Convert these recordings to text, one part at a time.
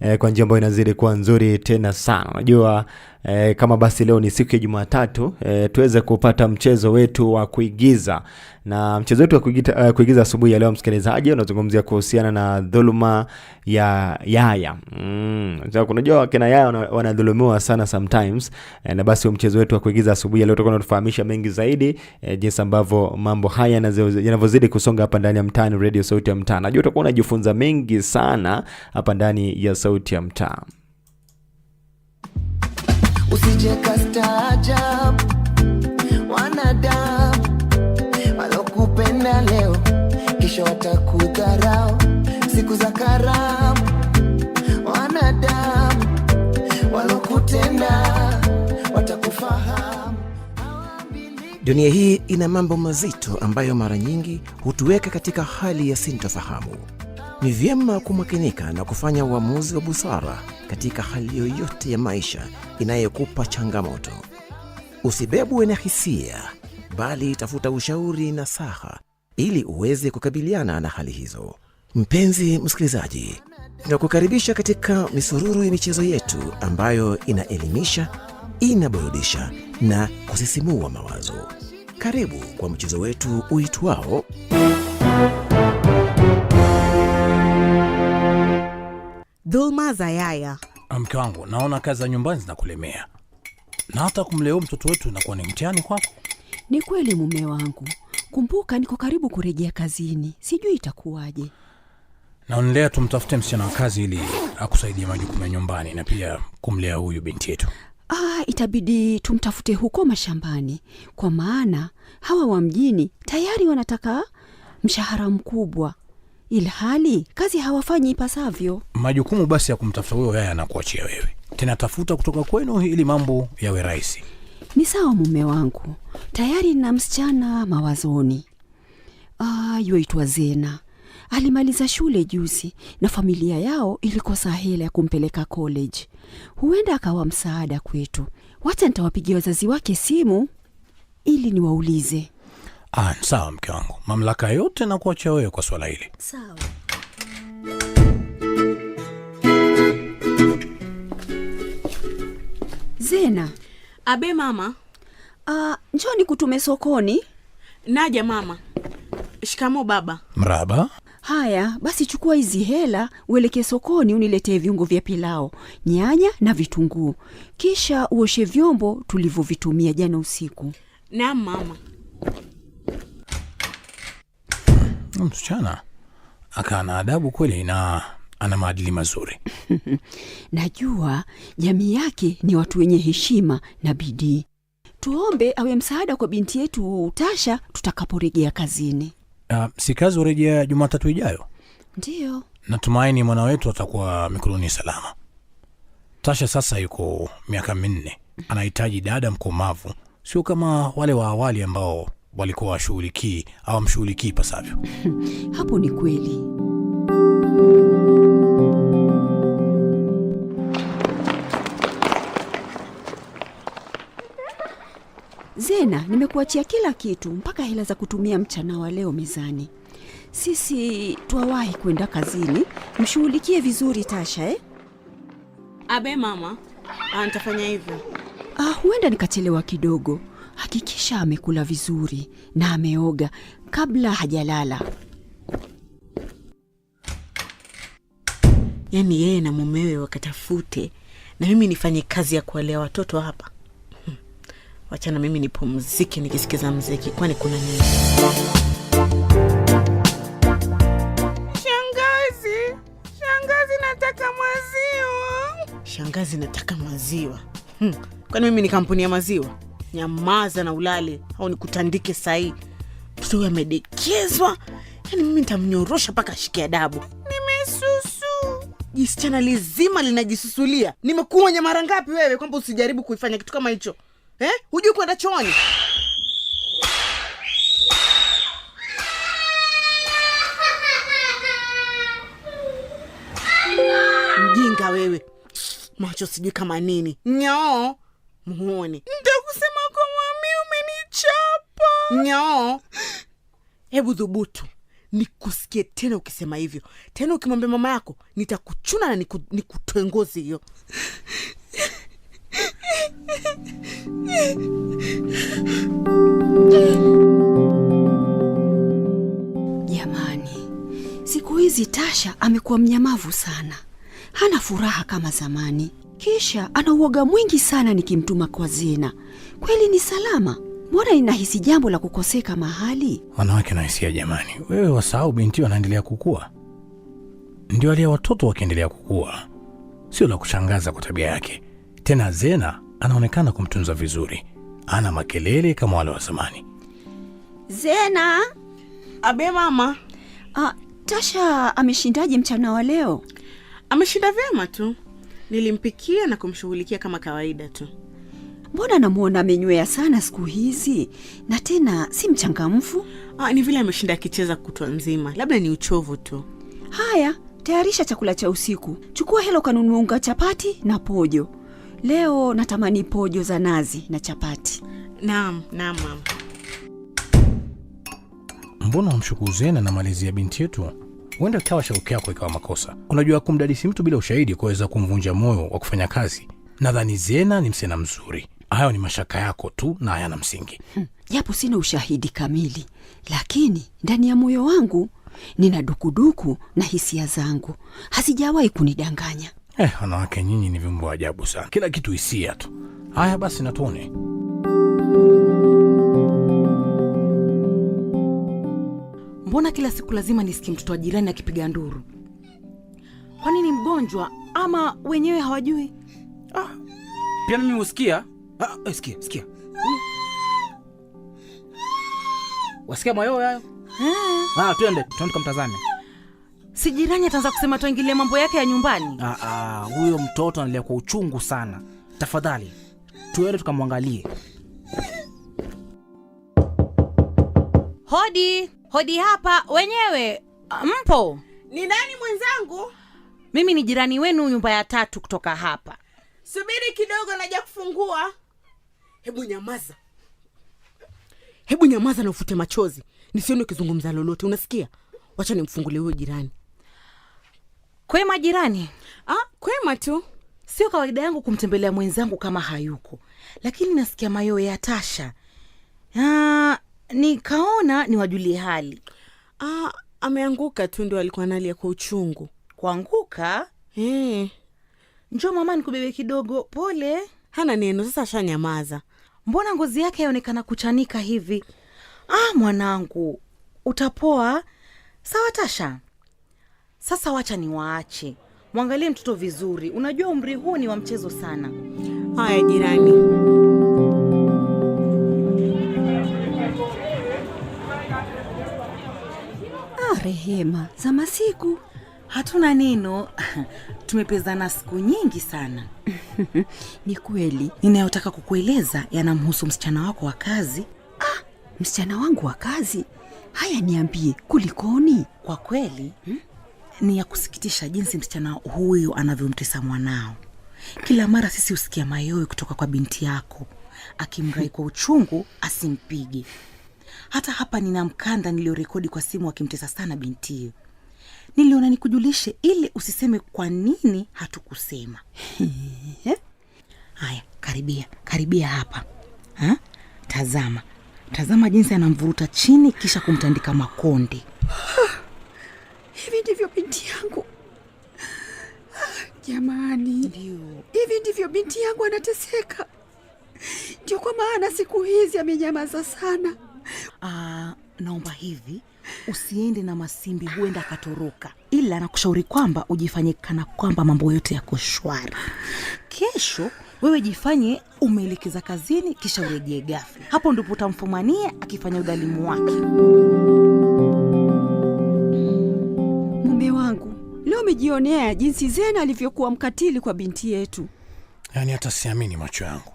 Eh, kwa njia ambayo inazidi kuwa nzuri tena sana, unajua e, kama basi leo ni siku ya Jumatatu e, tuweze kupata mchezo wetu wa kuigiza na mchezo wetu wa kuigiza, uh, eh, kuigiza asubuhi ya leo msikilizaji, unazungumzia kuhusiana na dhuluma ya yaya mm. Unajua wakina yaya wanadhulumiwa wana sana sometimes e, na basi mchezo wetu wa kuigiza asubuhi ya leo tutakuwa tunatufahamisha mengi zaidi e, jinsi ambavyo mambo haya yanavyozidi kusonga hapa ndani ya mtaani, radio sauti ya mtaa. Najua utakuwa unajifunza mengi sana hapa ndani ya sauti ya mtaa usije kastaajabu, wanadamu walokupenda leo kisha watakudharau siku za karamu, wanadamu walokutenda watakufahamu. Dunia hii ina mambo mazito ambayo mara nyingi hutuweka katika hali ya sintofahamu. Ni vyema kumakinika na kufanya uamuzi wa busara katika hali yoyote ya maisha inayokupa changamoto. Usibebwe na hisia, bali tafuta ushauri na saha ili uweze kukabiliana na hali hizo. Mpenzi msikilizaji, tunakukaribisha katika misururu ya michezo yetu ambayo inaelimisha, inaburudisha na kusisimua mawazo. Karibu kwa mchezo wetu uitwao dhulma za Yaya. Mke wangu, naona kazi za nyumbani zinakulemea na hata kumlea mtoto wetu inakuwa ni mtihani kwako. Ni kweli mume wangu, kumbuka niko karibu kurejea kazini, sijui itakuwaje. Naonelea tumtafute msichana wa kazi ili akusaidie majukumu ya nyumbani na pia kumlea huyu binti yetu. Ah, itabidi tumtafute huko mashambani, kwa maana hawa wa mjini tayari wanataka mshahara mkubwa ilhali kazi hawafanyi ipasavyo. Majukumu basi ya kumtafuta huyo yaya anakuachia wewe, tena tafuta kutoka kwenu ili mambo yawe rahisi. Ni sawa, mume wangu, tayari na msichana mawazoni. Ah, yuaitwa Zena, alimaliza shule juzi na familia yao ilikosa hela ya kumpeleka college. Huenda akawa msaada kwetu. Wacha nitawapigia wazazi wake simu ili niwaulize. Ah, sawa mke wangu, mamlaka yote na kuacha wewe kwa swala hili. Sawa. Zena. Abe mama. Ah, njoni kutume sokoni. Naja mama. Shikamo baba. Mraba. Haya basi, chukua hizi hela uelekee sokoni uniletee viungo vya pilao, nyanya na vitunguu, kisha uoshe vyombo tulivyovitumia jana usiku. Naam mama msichana akaa na adabu kweli na ana maadili mazuri najua jamii yake ni watu wenye heshima na bidii. Tuombe awe msaada kwa binti yetu Tasha tutakaporejea kazini. Uh, si kazi urejea Jumatatu ijayo? Ndiyo, natumaini mwana wetu atakuwa mikononi salama. Tasha sasa yuko miaka minne, anahitaji dada mkomavu, sio kama wale wa awali ambao walikuwa washughulikii au pasavyo. Hapo ni kweli. Zena, nimekuachia kila kitu mpaka hela za kutumia mchana wa leo mezani. Sisi twawahi kwenda kazini, mshughulikie vizuri Tasha eh? Abe mama, ah, ntafanya hivyo. Ah, huenda nikachelewa kidogo hakikisha amekula vizuri na ameoga kabla hajalala. Yaani yeye na mumewe wakatafute na mimi nifanye kazi ya kuwalea watoto hapa. Wachana mimi nipumzike nikisikiza mziki, kwani kuna nini? Shangazi, shangazi, nataka maziwa. Shangazi, nataka maziwa. Hmm. Kwani mimi ni kampuni ya maziwa? nyamaza na ulale au nikutandike sahii. Mtoto huyo amedekezwa, yani mimi ntamnyorosha mpaka ashike adabu. Nimesusu, jisichana lizima linajisusulia. Nimekuonya mara ngapi wewe kwamba usijaribu kuifanya kitu kama hicho eh? Hujui kwenda chooni mjinga wewe, macho sijui kama nini nyoo muone nyoo hebu dhubutu nikusikie tena ukisema hivyo tena ukimwambia mama yako nitakuchuna na niku, ngozi hiyo jamani siku hizi tasha amekuwa mnyamavu sana hana furaha kama zamani kisha ana uoga mwingi sana nikimtuma kwa zina kweli ni salama Mbona ninahisi jambo la kukoseka mahali. Wanawake na hisia jamani, wewe wasahau binti wanaendelea kukua, ndio alia watoto wakiendelea kukua. Sio la kushangaza kwa tabia yake. Tena Zena anaonekana kumtunza vizuri, ana makelele kama wale wa zamani. Zena abe mama. A, ah, Tasha ameshindaje mchana wa leo? Ameshinda vyema tu, nilimpikia na kumshughulikia kama kawaida tu. Mbona namwona amenywea sana siku hizi na tena si mchangamfu? Ah, ni vile ameshinda akicheza kutwa nzima, labda ni uchovu tu. Haya, tayarisha chakula cha usiku, chukua hela ukanunua unga, chapati na pojo. Leo natamani pojo za nazi na chapati. Naam, naam mam Mbona wamshukuru Zena na malezi ya binti yetu? Huenda kawa shauki yako ikawa makosa. Unajua, kumdadisi mtu bila ushahidi kuweza kumvunja moyo wa kufanya kazi. Nadhani Zena ni msena mzuri, hayo ni mashaka yako tu na hayana msingi hmm. Japo sina ushahidi kamili, lakini ndani ya moyo wangu nina dukuduku na hisia zangu hazijawahi kunidanganya. Eh, wanawake nyinyi ni vyumbo ajabu sana, kila kitu hisia tu. Haya basi, natuone Mbona kila siku lazima nisikie mtoto wa jirani akipiga nduru? kwani ni mgonjwa ama wenyewe hawajui? Ah, pia mimi husikia Ah, eh, sikia, sikia. Wasikia mwayo yao? Hmm. Ah, twende, twende tukamtazame. Si jirani ataanza kusema tuingilie mambo yake ya nyumbani. Ah, ah, huyo mtoto analia kwa uchungu sana. Tafadhali, tuende tukamwangalie. Hodi, hodi hapa wenyewe. Mpo? Ni nani mwenzangu? Mimi ni jirani wenu, nyumba ya tatu kutoka hapa. Subiri kidogo, naja kufungua. Hebu nyamaza, hebu nyamaza na ufute machozi nisione ukizungumza lolote, unasikia? Wacha nimfungulie huyo jirani. Kwema jirani? Ah, kwema tu. Sio kawaida yangu kumtembelea mwenzangu kama hayuko, lakini nasikia mayo ya Tasha ah, nikaona niwajulie hali. Ah, ameanguka tu, ndio alikuwa analia kwa uchungu. Kuanguka? Hey. Eh. Njoo mama nikubebe kidogo. Pole. Hana neno sasa, ashanyamaza mbona ngozi yake yaonekana kuchanika hivi ah mwanangu utapoa sawa tasha sasa wacha ni waache mwangalie mtoto vizuri unajua umri huu ni wa mchezo sana haya jirani ah, rehema za masiku Hatuna neno tumepezana siku nyingi sana. Ni kweli. Ninayotaka kukueleza yanamhusu msichana wako wa kazi. Ah, msichana wangu wa kazi? Haya, niambie, kulikoni? Kwa kweli hmm? Ni ya kusikitisha jinsi msichana huyu anavyomtesa mwanao. Kila mara sisi husikia mayowe kutoka kwa binti yako akimrai kwa uchungu asimpige. Hata hapa nina mkanda niliyorekodi kwa simu akimtesa sana bintio niliona nikujulishe ili usiseme kwa nini hatukusema haya karibia karibia hapa ha? tazama tazama jinsi anamvuruta chini kisha kumtandika makonde hivi ndivyo binti yangu jamani hivi ndivyo binti yangu anateseka ndio kwa maana siku hizi amenyamaza sana Aa, ah, naomba hivi usiende na Masimbi, huenda akatoroka, ila nakushauri kwamba ujifanye kana kwamba mambo yote yako shwari. Kesho wewe jifanye umeelekeza kazini, kisha urejee gafi Hapo ndipo utamfumania akifanya udhalimu wake. Mume wangu leo umejionea jinsi Zena alivyokuwa mkatili kwa binti yetu, yaani hata siamini macho yangu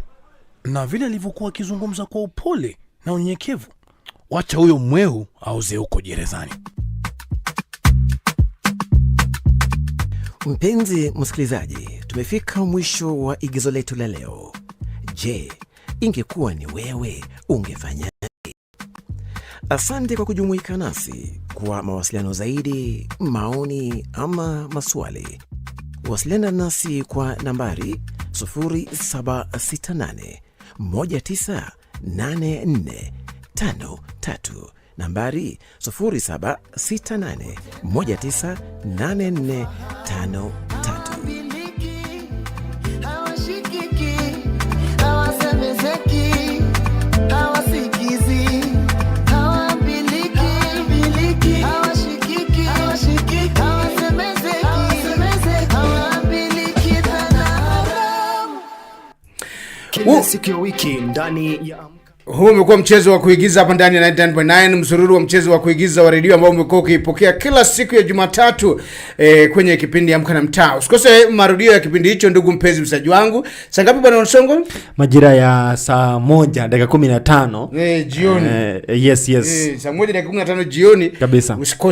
na vile alivyokuwa akizungumza kwa upole na unyenyekevu wacha huyo mweu auze huko gerezani. Mpenzi msikilizaji, tumefika mwisho wa igizo letu la leo. Je, ingekuwa ni wewe ungefanyaje? Asante kwa kujumuika nasi. Kwa mawasiliano zaidi, maoni ama maswali, wasiliana nasi kwa nambari 0768 53 nambari 0768198453. Siku ya wiki ndani ya huu umekuwa mchezo wa kuigiza hapa ndani ya 99.9, msururu wa mchezo wa kuigiza wa redio ambao umekuwa ukipokea kila siku ya Jumatatu eh, kwenye kipindi Amka na Mtaa. Usikose marudio ya kipindi hicho, ndugu mpenzi msaji wangu. Saa ngapi bwana Nsongo? Majira ya saa moja dakika 15 eh, jioni. Eh, yes yes. Eh, saa moja dakika 15 jioni kabisa, usikose.